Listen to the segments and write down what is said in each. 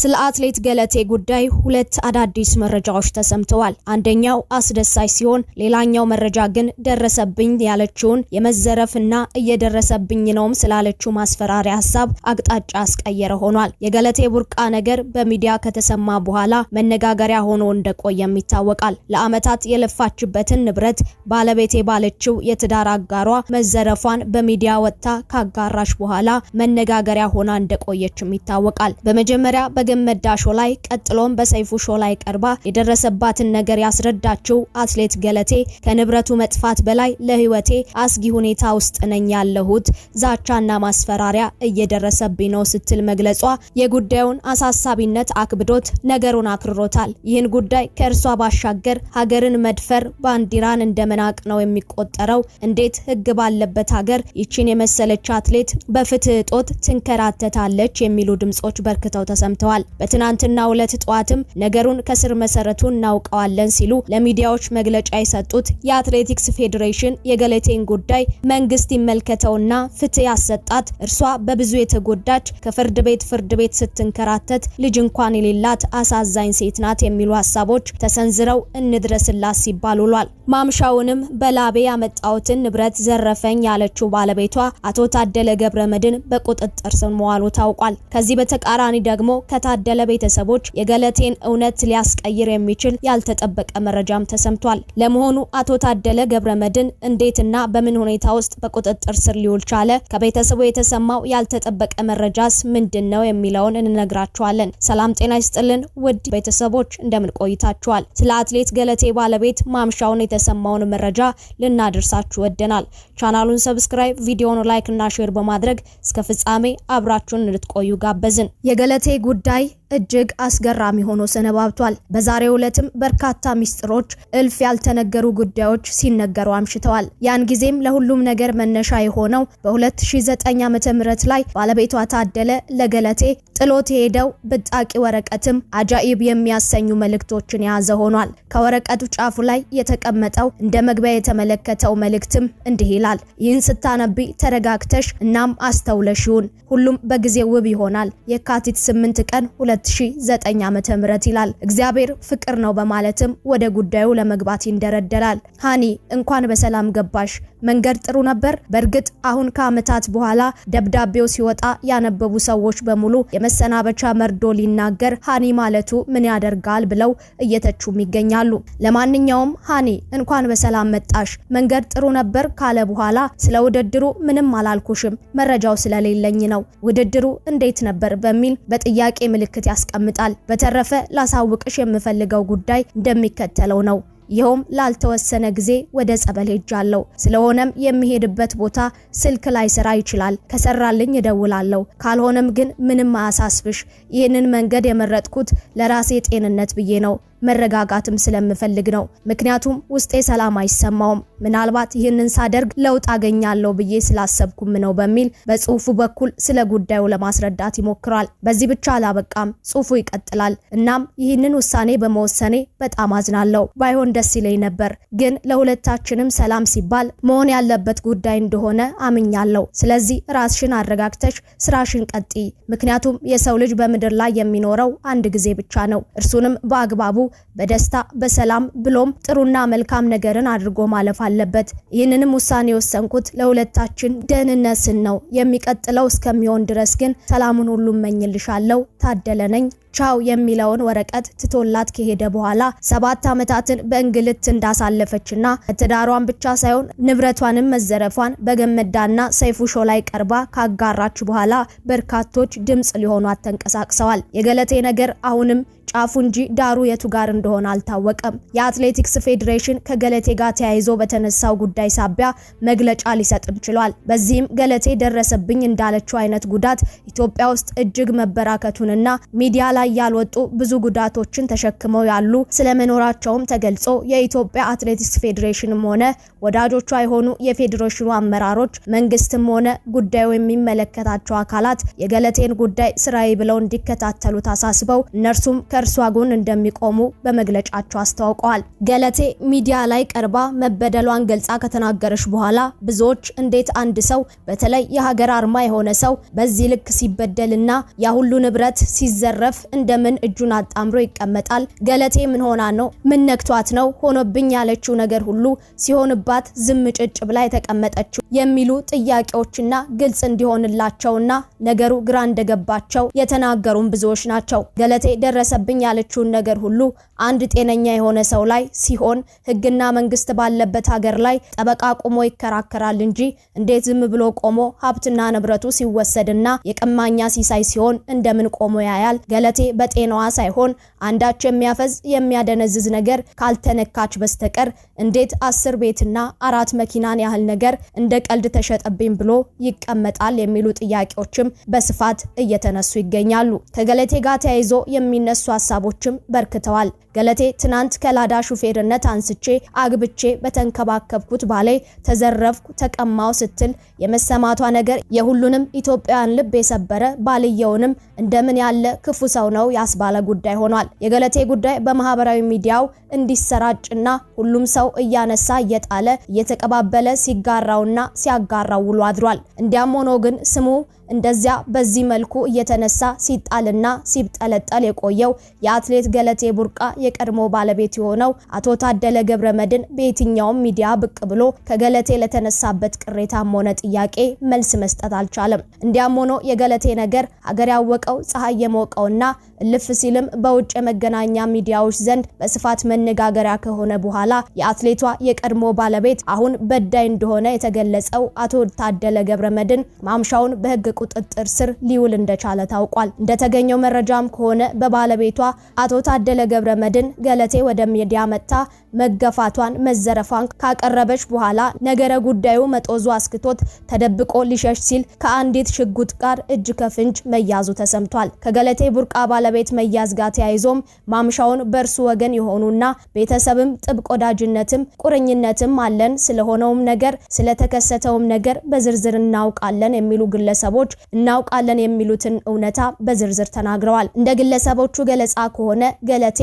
ስለ አትሌት ገለቴ ጉዳይ ሁለት አዳዲስ መረጃዎች ተሰምተዋል። አንደኛው አስደሳች ሲሆን፣ ሌላኛው መረጃ ግን ደረሰብኝ ያለችውን የመዘረፍና እየደረሰብኝ ነውም ስላለችው ማስፈራሪያ ሀሳብ አቅጣጫ አስቀየረ ሆኗል። የገለቴ ቡርቃ ነገር በሚዲያ ከተሰማ በኋላ መነጋገሪያ ሆኖ እንደቆየም ይታወቃል። ለዓመታት የለፋችበትን ንብረት ባለቤቴ ባለችው የትዳር አጋሯ መዘረፏን በሚዲያ ወጥታ ካጋራሽ በኋላ መነጋገሪያ ሆና እንደቆየችም ይታወቃል። በመጀመሪያ ዳግም መዳ ላይ ቀጥሎም በሰይፉ ሾ ላይ ቀርባ የደረሰባትን ነገር ያስረዳችው አትሌት ገለቴ ከንብረቱ መጥፋት በላይ ለህይወቴ አስጊ ሁኔታ ውስጥ ነኝ ያለሁት፣ ዛቻና ማስፈራሪያ እየደረሰብኝ ነው ስትል መግለጿ የጉዳዩን አሳሳቢነት አክብዶት ነገሩን አክርሮታል። ይህን ጉዳይ ከእርሷ ባሻገር ሀገርን መድፈር ባንዲራን እንደመናቅ ነው የሚቆጠረው። እንዴት ህግ ባለበት ሀገር ይችን የመሰለች አትሌት በፍትህ እጦት ትንከራተታለች የሚሉ ድምጾች በርክተው ተሰምተዋል። ገልጸዋል። በትናንትናው ዕለት ጠዋትም ነገሩን ከስር መሰረቱ እናውቀዋለን ሲሉ ለሚዲያዎች መግለጫ የሰጡት የአትሌቲክስ ፌዴሬሽን የገለቴን ጉዳይ መንግስት ይመልከተውና ፍትህ ያሰጣት፣ እርሷ በብዙ የተጎዳች ከፍርድ ቤት ፍርድ ቤት ስትንከራተት ልጅ እንኳን የሌላት አሳዛኝ ሴት ናት የሚሉ ሀሳቦች ተሰንዝረው እንድረስላት ሲባል ውሏል። ማምሻውንም በላቤ ያመጣሁትን ንብረት ዘረፈኝ ያለችው ባለቤቷ አቶ ታደለ ገብረ መድን በቁጥጥር ስር መዋሉ ታውቋል። ከዚህ በተቃራኒ ደግሞ ከታ ታደለ ቤተሰቦች የገለቴን እውነት ሊያስቀይር የሚችል ያልተጠበቀ መረጃም ተሰምቷል። ለመሆኑ አቶ ታደለ ገብረ መድን እንዴትና በምን ሁኔታ ውስጥ በቁጥጥር ስር ሊውል ቻለ? ከቤተሰቡ የተሰማው ያልተጠበቀ መረጃስ ምንድን ነው የሚለውን እንነግራችኋለን። ሰላም ጤና ይስጥልን ውድ ቤተሰቦች እንደምን ቆይታችኋል? ስለ አትሌት ገለቴ ባለቤት ማምሻውን የተሰማውን መረጃ ልናደርሳችሁ ወደናል። ቻናሉን ሰብስክራይብ፣ ቪዲዮውን ላይክ እና ሼር በማድረግ እስከ ፍጻሜ አብራችሁን እንድትቆዩ ጋበዝን። የገለቴ ጉዳይ đây እጅግ አስገራሚ ሆኖ ሰነባብቷል። በዛሬው ዕለትም በርካታ ሚስጥሮች፣ እልፍ ያልተነገሩ ጉዳዮች ሲነገሩ አምሽተዋል። ያን ጊዜም ለሁሉም ነገር መነሻ የሆነው በ2009 ዓ.ም ላይ ባለቤቷ ታደለ ለገለቴ ጥሎት የሄደው ብጣቂ ወረቀትም አጃኢብ የሚያሰኙ መልእክቶችን የያዘ ሆኗል። ከወረቀቱ ጫፉ ላይ የተቀመጠው እንደ መግቢያ የተመለከተው መልእክትም እንዲህ ይላል። ይህን ስታነቢ ተረጋግተሽ እናም አስተውለሽውን ሁሉም በጊዜ ውብ ይሆናል። የካቲት 8 ቀን 2009 ዓ.ም ይላል። እግዚአብሔር ፍቅር ነው በማለትም ወደ ጉዳዩ ለመግባት ይንደረደራል። ሃኒ እንኳን በሰላም ገባሽ መንገድ ጥሩ ነበር። በእርግጥ አሁን ከዓመታት በኋላ ደብዳቤው ሲወጣ ያነበቡ ሰዎች በሙሉ የመሰናበቻ መርዶ ሊናገር ሀኒ ማለቱ ምን ያደርጋል ብለው እየተቹም ይገኛሉ። ለማንኛውም ሀኒ እንኳን በሰላም መጣሽ፣ መንገድ ጥሩ ነበር ካለ በኋላ ስለ ውድድሩ ምንም አላልኩሽም፣ መረጃው ስለሌለኝ ነው። ውድድሩ እንዴት ነበር በሚል በጥያቄ ምልክት ያስቀምጣል። በተረፈ ላሳውቅሽ የምፈልገው ጉዳይ እንደሚከተለው ነው። ይኸውም ላልተወሰነ ጊዜ ወደ ጸበል ሄጃለሁ። ስለሆነም የሚሄድበት ቦታ ስልክ ላይሰራ ይችላል። ከሰራልኝ እደውላለሁ። ካልሆነም ግን ምንም አያሳስብሽ። ይህንን መንገድ የመረጥኩት ለራሴ ጤንነት ብዬ ነው። መረጋጋትም ስለምፈልግ ነው። ምክንያቱም ውስጤ ሰላም አይሰማውም። ምናልባት ይህንን ሳደርግ ለውጥ አገኛለሁ ብዬ ስላሰብኩም ነው በሚል በጽሁፉ በኩል ስለ ጉዳዩ ለማስረዳት ይሞክራል። በዚህ ብቻ አላበቃም፣ ጽሁፉ ይቀጥላል። እናም ይህንን ውሳኔ በመወሰኔ በጣም አዝናለሁ። ባይሆን ደስ ይለኝ ነበር፣ ግን ለሁለታችንም ሰላም ሲባል መሆን ያለበት ጉዳይ እንደሆነ አምኛለሁ። ስለዚህ ራስሽን አረጋግተሽ ስራሽን ቀጥይ። ምክንያቱም የሰው ልጅ በምድር ላይ የሚኖረው አንድ ጊዜ ብቻ ነው። እርሱንም በአግባቡ በደስታ በሰላም ብሎም ጥሩና መልካም ነገርን አድርጎ ማለፍ አለበት። ይህንንም ውሳኔ የወሰንኩት ለሁለታችን ደህንነት ስል ነው። የሚቀጥለው እስከሚሆን ድረስ ግን ሰላሙን ሁሉ እመኝልሻለሁ። ታደለ ነኝ ቻው የሚለውን ወረቀት ትቶላት ከሄደ በኋላ ሰባት ዓመታትን በእንግልት እንዳሳለፈችና ትዳሯን ብቻ ሳይሆን ንብረቷንም መዘረፏን በገመዳና ሰይፉ ሾ ላይ ቀርባ ካጋራች በኋላ በርካቶች ድምጽ ሊሆኗት ተንቀሳቅሰዋል። የገለቴ ነገር አሁንም ጫፉ እንጂ ዳሩ የቱ ጋር እንደሆነ አልታወቀም። የአትሌቲክስ ፌዴሬሽን ከገለቴ ጋር ተያይዞ በተነሳው ጉዳይ ሳቢያ መግለጫ ሊሰጥም ችሏል። በዚህም ገለቴ ደረሰብኝ እንዳለችው አይነት ጉዳት ኢትዮጵያ ውስጥ እጅግ መበራከቱንና ሚዲያ ላይ ያልወጡ ብዙ ጉዳቶችን ተሸክመው ያሉ ስለመኖራቸውም ተገልጾ የኢትዮጵያ አትሌቲክስ ፌዴሬሽንም ሆነ ወዳጆቿ የሆኑ የፌዴሬሽኑ አመራሮች መንግስትም ሆነ ጉዳዩ የሚመለከታቸው አካላት የገለቴን ጉዳይ ስራዬ ብለው እንዲከታተሉ ታሳስበው እነርሱም ከ ከእርሷ ጎን እንደሚቆሙ በመግለጫቸው አስታውቀዋል። ገለቴ ሚዲያ ላይ ቀርባ መበደሏን ገልጻ ከተናገረች በኋላ ብዙዎች እንዴት አንድ ሰው በተለይ የሀገር አርማ የሆነ ሰው በዚህ ልክ ሲበደልና ያ ሁሉ ንብረት ሲዘረፍ እንደምን እጁን አጣምሮ ይቀመጣል? ገለቴ ምን ሆና ነው? ምን ነክቷት ነው ሆኖብኝ ያለችው ነገር ሁሉ ሲሆንባት ዝም ጭጭ ብላ የተቀመጠችው የሚሉ ጥያቄዎችና ግልጽ እንዲሆንላቸውና ነገሩ ግራ እንደገባቸው የተናገሩም ብዙዎች ናቸው። ገለቴ ደረሰ ደረሰብኝ ያለችውን ነገር ሁሉ አንድ ጤነኛ የሆነ ሰው ላይ ሲሆን ህግና መንግስት ባለበት ሀገር ላይ ጠበቃ ቆሞ ይከራከራል እንጂ እንዴት ዝም ብሎ ቆሞ ሀብትና ንብረቱ ሲወሰድና የቀማኛ ሲሳይ ሲሆን እንደምን ቆሞ ያያል? ገለቴ በጤናዋ ሳይሆን አንዳች የሚያፈዝ የሚያደነዝዝ ነገር ካልተነካች በስተቀር እንዴት አስር ቤትና አራት መኪናን ያህል ነገር እንደ ቀልድ ተሸጠብኝ ብሎ ይቀመጣል? የሚሉ ጥያቄዎችም በስፋት እየተነሱ ይገኛሉ። ከገለቴ ጋር ተያይዞ የሚነሱ ሀሳቦችም በርክተዋል። ገለቴ ትናንት ከላዳ ሹፌርነት አንስቼ አግብቼ በተንከባከብኩት ባሌ ተዘረፍኩ፣ ተቀማው ስትል የመሰማቷ ነገር የሁሉንም ኢትዮጵያውያን ልብ የሰበረ ባልየውንም እንደምን ያለ ክፉ ሰው ነው ያስባለ ጉዳይ ሆኗል። የገለቴ ጉዳይ በማህበራዊ ሚዲያው እንዲሰራጭና ሁሉም ሰው እያነሳ እየጣለ እየተቀባበለ ሲጋራውና ሲያጋራው ውሎ አድሯል። እንዲያም ሆኖ ግን ስሙ እንደዚያ በዚህ መልኩ እየተነሳ ሲጣልና ሲብጠለጠል የቆየው የአትሌት ገለቴ ቡርቃ የቀድሞ ባለቤት የሆነው አቶ ታደለ ገብረ መድን በየትኛውም ሚዲያ ብቅ ብሎ ከገለቴ ለተነሳበት ቅሬታም ሆነ ጥያቄ መልስ መስጠት አልቻለም። እንዲያም ሆኖ የገለቴ ነገር ሀገር ያወቀው ፀሐይ የሞቀውና እልፍ ሲልም በውጭ የመገናኛ ሚዲያዎች ዘንድ በስፋት መነጋገሪያ ከሆነ በኋላ የአትሌቷ የቀድሞ ባለቤት አሁን በዳይ እንደሆነ የተገለጸው አቶ ታደለ ገብረ መድን ማምሻውን በህግ ቁጥጥር ስር ሊውል እንደቻለ ታውቋል። እንደተገኘው መረጃም ከሆነ በባለቤቷ አቶ ታደለ ገብረ መድን ገለቴ ወደ ሚዲያ መጥታ መገፋቷን፣ መዘረፏን ካቀረበች በኋላ ነገረ ጉዳዩ መጦዙ አስክቶት ተደብቆ ሊሸሽ ሲል ከአንዲት ሽጉጥ ጋር እጅ ከፍንጭ መያዙ ተሰምቷል። ከገለቴ ቡርቃ ባለቤት መያዝ ጋር ተያይዞም ማምሻውን በእርሱ ወገን የሆኑና ቤተሰብም ጥብቅ ወዳጅነትም ቁርኝነትም አለን ስለሆነውም ነገር ስለተከሰተውም ነገር በዝርዝር እናውቃለን የሚሉ ግለሰቦች ግለሰቦች እናውቃለን የሚሉትን እውነታ በዝርዝር ተናግረዋል። እንደ ግለሰቦቹ ገለጻ ከሆነ ገለቴ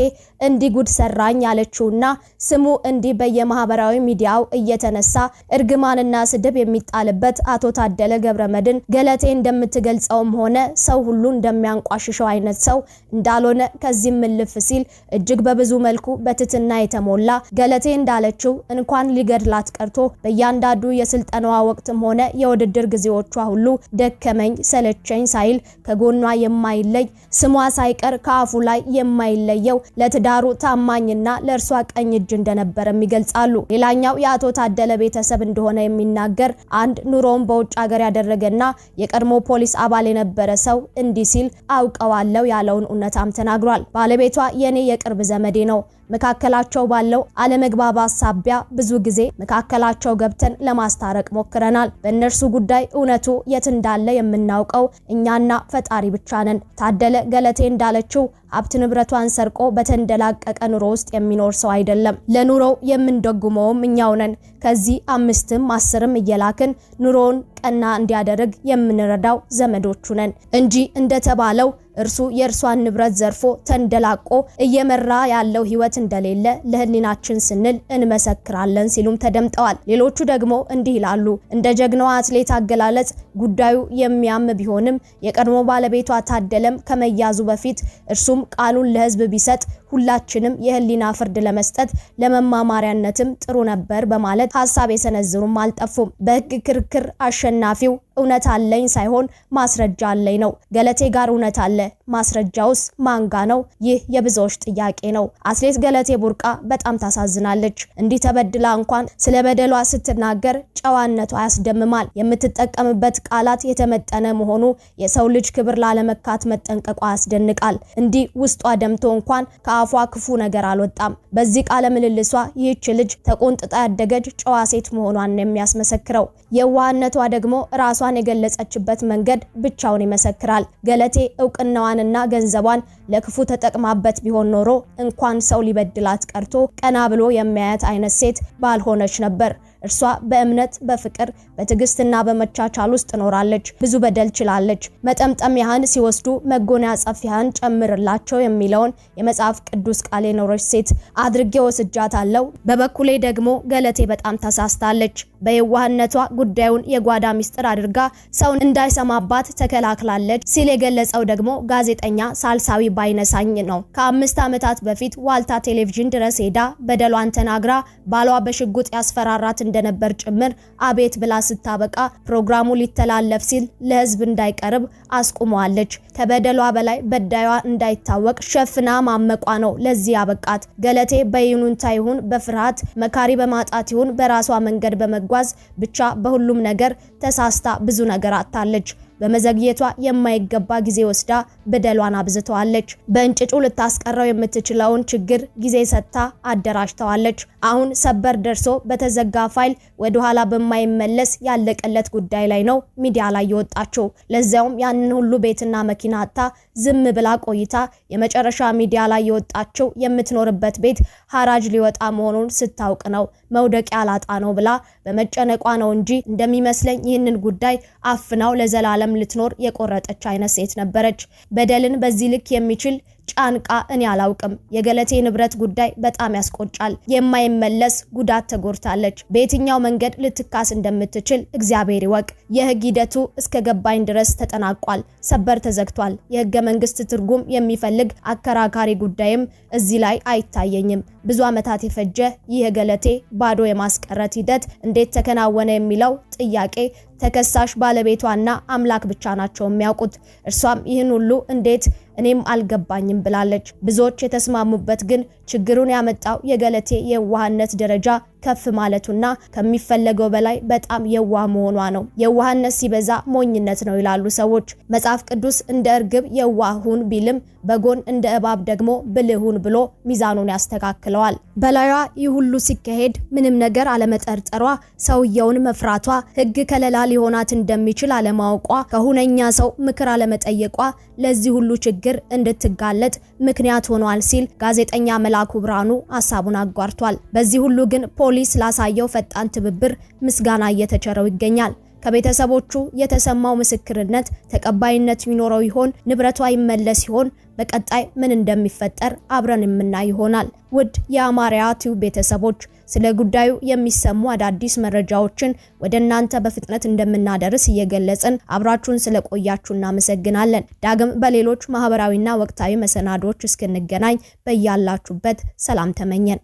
እንዲህ ጉድ ሰራኝ ያለችውና ስሙ እንዲህ በየማህበራዊ ሚዲያው እየተነሳ እርግማንና ስድብ የሚጣልበት አቶ ታደለ ገብረመድን ገለቴ እንደምትገልጸውም ሆነ ሰው ሁሉ እንደሚያንቋሽሸው አይነት ሰው እንዳልሆነ ከዚህም እልፍ ሲል እጅግ በብዙ መልኩ በትትና የተሞላ ገለቴ እንዳለችው እንኳን ሊገድላት ቀርቶ በእያንዳንዱ የስልጠናዋ ወቅትም ሆነ የውድድር ጊዜዎቿ ሁሉ ደከ ደከመኝ ሰለቸኝ ሳይል ከጎኗ የማይለይ ስሟ ሳይቀር ከአፉ ላይ የማይለየው ለትዳሩ ታማኝና ለእርሷ ቀኝ እጅ እንደነበረም ይገልጻሉ። ሌላኛው የአቶ ታደለ ቤተሰብ እንደሆነ የሚናገር አንድ ኑሮውን በውጭ ሀገር ያደረገና የቀድሞ ፖሊስ አባል የነበረ ሰው እንዲህ ሲል አውቀዋለሁ ያለውን እውነታም ተናግሯል። ባለቤቷ የኔ የቅርብ ዘመዴ ነው መካከላቸው ባለው አለመግባባት ሳቢያ ብዙ ጊዜ መካከላቸው ገብተን ለማስታረቅ ሞክረናል። በእነርሱ ጉዳይ እውነቱ የት እንዳለ የምናውቀው እኛና ፈጣሪ ብቻ ነን። ታደለ ገለቴ እንዳለችው ሀብት ንብረቷን ሰርቆ በተንደላቀቀ ኑሮ ውስጥ የሚኖር ሰው አይደለም። ለኑሮው የምንደጉመውም እኛው ነን። ከዚህ አምስትም አስርም እየላክን ኑሮውን ቀና እንዲያደርግ የምንረዳው ዘመዶቹ ነን እንጂ እንደተባለው እርሱ የእርሷን ንብረት ዘርፎ ተንደላቆ እየመራ ያለው ህይወት እንደሌለ ለህሊናችን ስንል እንመሰክራለን ሲሉም ተደምጠዋል። ሌሎቹ ደግሞ እንዲህ ይላሉ። እንደ ጀግናዋ አትሌት አገላለጽ ጉዳዩ የሚያም ቢሆንም የቀድሞ ባለቤቷ ታደለም ከመያዙ በፊት እርሱም ቃሉን ለህዝብ ቢሰጥ ሁላችንም የህሊና ፍርድ ለመስጠት ለመማማሪያነትም ጥሩ ነበር በማለት ሀሳብ የሰነዝሩም አልጠፉም። በህግ ክርክር አሸናፊው እውነት አለኝ ሳይሆን ማስረጃ አለኝ ነው። ገለቴ ጋር እውነት አለ で ማስረጃውስ ማንጋ ነው? ይህ የብዙዎች ጥያቄ ነው። አትሌት ገለቴ ቡርቃ በጣም ታሳዝናለች። እንዲህ ተበድላ እንኳን ስለ በደሏ ስትናገር ጨዋነቷ ያስደምማል። የምትጠቀምበት ቃላት የተመጠነ መሆኑ የሰው ልጅ ክብር ላለመካት መጠንቀቋ ያስደንቃል። እንዲህ ውስጧ ደምቶ እንኳን ከአፏ ክፉ ነገር አልወጣም። በዚህ ቃለ ምልልሷ ይህች ልጅ ተቆንጥጣ ያደገች ጨዋ ሴት መሆኗን የሚያስመሰክረው የዋህነቷ ደግሞ ራሷን የገለጸችበት መንገድ ብቻውን ይመሰክራል። ገለቴ እውቅናዋን ስልጣንና ገንዘቧን ለክፉ ተጠቅማበት ቢሆን ኖሮ እንኳን ሰው ሊበድላት ቀርቶ ቀና ብሎ የሚያያት አይነት ሴት ባልሆነች ነበር። እርሷ በእምነት በፍቅር በትዕግስትና በመቻቻል ውስጥ ኖራለች። ብዙ በደል ችላለች። መጠምጠሚያህን ሲወስዱ መጎናጸፊያህን ጨምርላቸው የሚለውን የመጽሐፍ ቅዱስ ቃል የኖረች ሴት አድርጌ ወስጃታለሁ። በበኩሌ ደግሞ ገለቴ በጣም ተሳስታለች። በየዋህነቷ ጉዳዩን የጓዳ ሚስጥር አድርጋ ሰውን እንዳይሰማባት ተከላክላለች ሲል የገለጸው ደግሞ ጋዜጠኛ ሳልሳዊ ባይነሳኝ ነው። ከአምስት ዓመታት በፊት ዋልታ ቴሌቪዥን ድረስ ሄዳ በደሏን ተናግራ ባሏ በሽጉጥ ያስፈራራት እንደነበር ጭምር አቤት ብላ ስታበቃ ፕሮግራሙ ሊተላለፍ ሲል ለህዝብ እንዳይቀርብ አስቁመዋለች። ከበደሏ በላይ በዳዩዋ እንዳይታወቅ ሸፍና ማመቋ ነው ለዚህ ያበቃት። ገለቴ በይኑንታ ይሁን በፍርሃት መካሪ በማጣት ይሁን በራሷ መንገድ በመጓዝ ብቻ በሁሉም ነገር ተሳስታ ብዙ ነገር አታለች። በመዘግየቷ የማይገባ ጊዜ ወስዳ በደሏን አብዝተዋለች። በእንጭጩ ልታስቀረው የምትችለውን ችግር ጊዜ ሰጥታ አደራጅተዋለች። አሁን ሰበር ደርሶ በተዘጋ ፋይል ወደኋላ በማይመለስ ያለቀለት ጉዳይ ላይ ነው ሚዲያ ላይ የወጣችው። ለዚያውም ያንን ሁሉ ቤትና መኪና አታ ዝም ብላ ቆይታ የመጨረሻ ሚዲያ ላይ የወጣችው የምትኖርበት ቤት ሐራጅ ሊወጣ መሆኑን ስታውቅ ነው። መውደቂያ ያላጣ ነው ብላ በመጨነቋ ነው እንጂ እንደሚመስለኝ ይህንን ጉዳይ አፍናው ለዘላለም ልትኖር የቆረጠች አይነት ሴት ነበረች። በደልን በዚህ ልክ የሚችል ጫንቃ እኔ አላውቅም። የገለቴ ንብረት ጉዳይ በጣም ያስቆጫል። የማይመለስ ጉዳት ተጎድታለች። በየትኛው መንገድ ልትካስ እንደምትችል እግዚአብሔር ይወቅ። የህግ ሂደቱ እስከ ገባኝ ድረስ ተጠናቋል። ሰበር ተዘግቷል። የህገ መንግስት ትርጉም የሚፈልግ አከራካሪ ጉዳይም እዚህ ላይ አይታየኝም። ብዙ ዓመታት የፈጀ ይህ የገለቴ ባዶ የማስቀረት ሂደት እንዴት ተከናወነ የሚለው ጥያቄ ተከሳሽ ባለቤቷና አምላክ ብቻ ናቸው የሚያውቁት። እርሷም ይህን ሁሉ እንዴት እኔም አልገባኝም ብላለች። ብዙዎች የተስማሙበት ግን ችግሩን ያመጣው የገለቴ የዋህነት ደረጃ ከፍ ማለቱና ከሚፈለገው በላይ በጣም የዋህ መሆኗ ነው። የዋህነት ሲበዛ ሞኝነት ነው ይላሉ ሰዎች። መጽሐፍ ቅዱስ እንደ እርግብ የዋህ ሁን ቢልም በጎን እንደ እባብ ደግሞ ብልህ ሁን ብሎ ሚዛኑን ያስተካክለዋል። በላዩዋ ይህ ሁሉ ሲካሄድ ምንም ነገር አለመጠርጠሯ፣ ሰውየውን መፍራቷ፣ ህግ ከለላ ሊሆናት እንደሚችል አለማወቋ፣ ከሁነኛ ሰው ምክር አለመጠየቋ ለዚህ ሁሉ ችግር እንድትጋለጥ ምክንያት ሆኗል ሲል ጋዜጠኛ መላኩ ብርሃኑ ሀሳቡን አጓርቷል። በዚህ ሁሉ ግን ፖሊስ ላሳየው ፈጣን ትብብር ምስጋና እየተቸረው ይገኛል። ከቤተሰቦቹ የተሰማው ምስክርነት ተቀባይነት ይኖረው ይሆን? ንብረቷ ይመለስ ይሆን? በቀጣይ ምን እንደሚፈጠር አብረን የምናይ ይሆናል። ውድ የአማርያ ቲዩብ ቤተሰቦች ስለ ጉዳዩ የሚሰሙ አዳዲስ መረጃዎችን ወደ እናንተ በፍጥነት እንደምናደርስ እየገለጽን አብራችሁን ስለቆያችሁ እናመሰግናለን። ዳግም በሌሎች ማህበራዊና ወቅታዊ መሰናዶዎች እስክንገናኝ በያላችሁበት ሰላም ተመኘን።